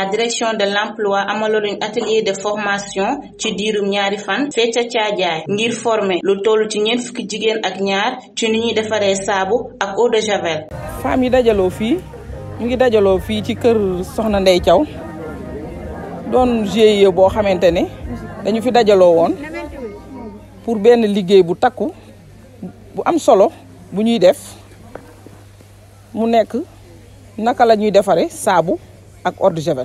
la direction de l'emploi amaloon atelier de formation ci diirum ñaari fan fee ca caajaay ngir former lu toll ci ñeent fukki jigéen ak ñaar ci ni ñuy defaree saabu ak eau de javel. femmes yi dajaloo fii ñu ngi dajaloo fii ci kër Soxna Ndey Thiaw doon GIE boo xamante ne dañu fi dajaloo woon pour benn liggéey bu takku bu am solo bu ñuy def mu nekk naka la ñuy defaree saabu. ak or de javel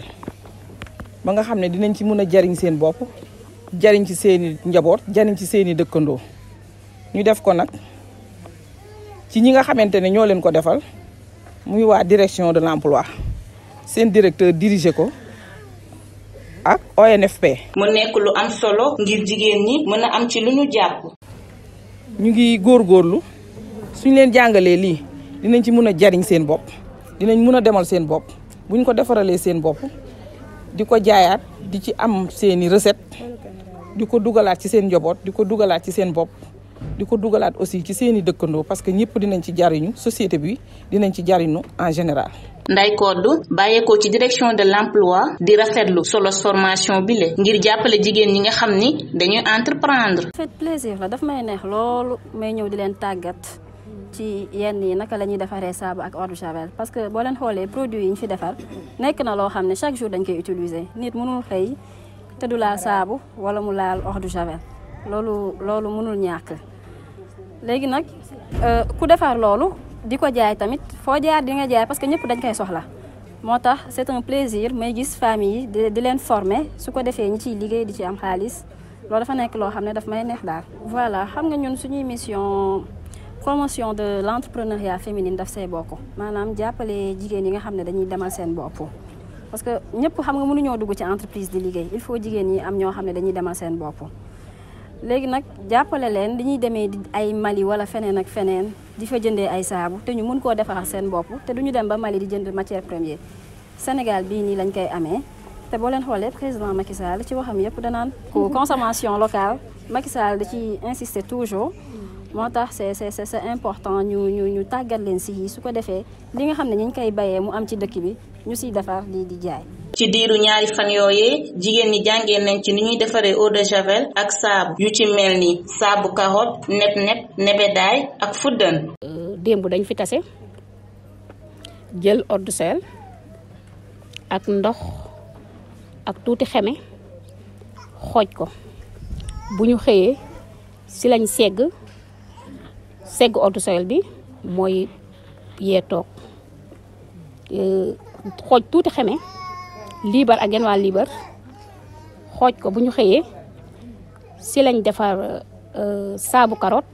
ba nga xamne dinañ ci mëna jariñ seen jaring jariñ ci seeni njabot jariñ ci seeni dekkando ñu def ko nak ci ñi nga xamantene ño leen ko defal muy wa direction de l'emploi seen directeur diriger ko ak ONFP. mu nekk lu am solo ngir jigen ñi mëna am ci lu ñu jàpp. ñu ngi góorgóorlu suñu leen jàngalee li dinañ ci mëna jariñ seen bop dinañ mëna demal seen bop bu ñu ko defaralee seen bopp di ko jaayaat di ci am seeni recette di ko dugalaat ci seen njoboot di ko dugalaat ci seen bopp di ko dugalaat aussi ci seeni dëkkandoo parce que ñëpp dinañ ci jariñu société bi dinañ ci jariñu en général. Ndeye Codou bàyyeekoo ci direction de l'emploi di rafetlu solos formation bi le ngir jàppale jigéen ñi nga xam ni dañuy entreprendre. fait plaisir la daf may neex loolu may ñëw di leen tàggat. ci yenn yi naka la ñuy defaree saabu ak eau de javel parce que boo leen xoolee produit yi ñu fi defar nekk na loo xam ne chaque jour dañ koy utiliser nit mënul xëy te du laal saabu wala mu laal eau de javel loolu loolu mënul ñàkk léegi nag euh, ku defar loolu di ko jaay tamit foo jaar di nga jaay parce que ñëpp dañ koy soxla moo tax c'est un plaisir may gis famille yi di leen former su ko defee ñi ciy liggéey di ci am xaalis loolu dafa nekk loo xam ne daf may neex daal voilà xam nga ñun suñuy mission promotion de l'entrepreneuriat féminine daf boko. Madame, maanaam jàppale jigéen yi nga xamné dañuy démal sen bop parce que ñëpp xam nga ñoo dugg ci entreprise di liggéey il faut jigéen yi am ño xamné dañuy démal sen bop légui nak jàppale len dañuy démé ay Mali wala fenen ak fenen di fa jëndee ay saabu té ñu ko défar sen bop té duñu dem ba Mali di jënd matière première Sénégal bini ni lañ koy amé té bo leen xolé président Macky Sall ci waxam yépp da naan consommation locale Macky Sall da ci insister toujours moo tax c'est c'est c'est important ñu ñu ñu tàggat leen si su ko defee li nga xam ne ñu ngi koy bayee mu am ci dëkk bi ñu siy defar lii di jaay. ci diiru ñaari fan yooyee jigéen ñi jàngee nañ ci ni ñuy defaree eau de javel ak saabu yu ci mel ni saabu carotte nep-nep nebedaay ak fuddan. Euh, démb dañ fi tase jël eau de ak ndox ak tuuti xeme xooj ko bu ñu xëyee si lañ segg. segg ordre soil bi mooy yee toog euh, xooj tuuti xeme liibar ak genwa liibar xooj ko bu ñu xëyee si lañ defar euh, saabu karoot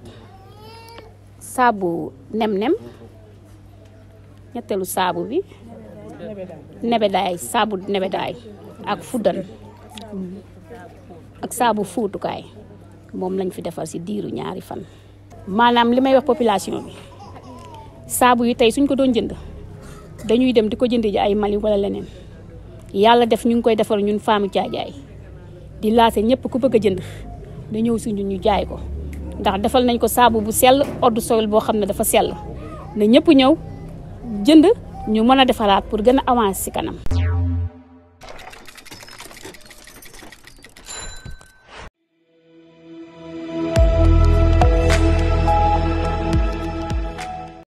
saabu nem-nem ñetteelu saabu bi nebedaay saabu nebedaay ak fuddan ak saabu fuutukaay moom lañ fi defar si diiru ñaari fan maanaam li may wax population bi saabu yi tey suñ ko doon jënd dañuy dem di ko jënd ji ay Mali wala leneen yàlla def ñu ngi koy defar ñun faamu caajaay di laase ñëpp ku bëgg a jënd da ñëw si ñun ñu jaay ko ndax defal nañ ko saabu bu sel eau de boo xam ne dafa sell na ñëpp ñëw jënd ñu mën a defaraat pour gën a avancer si kanam.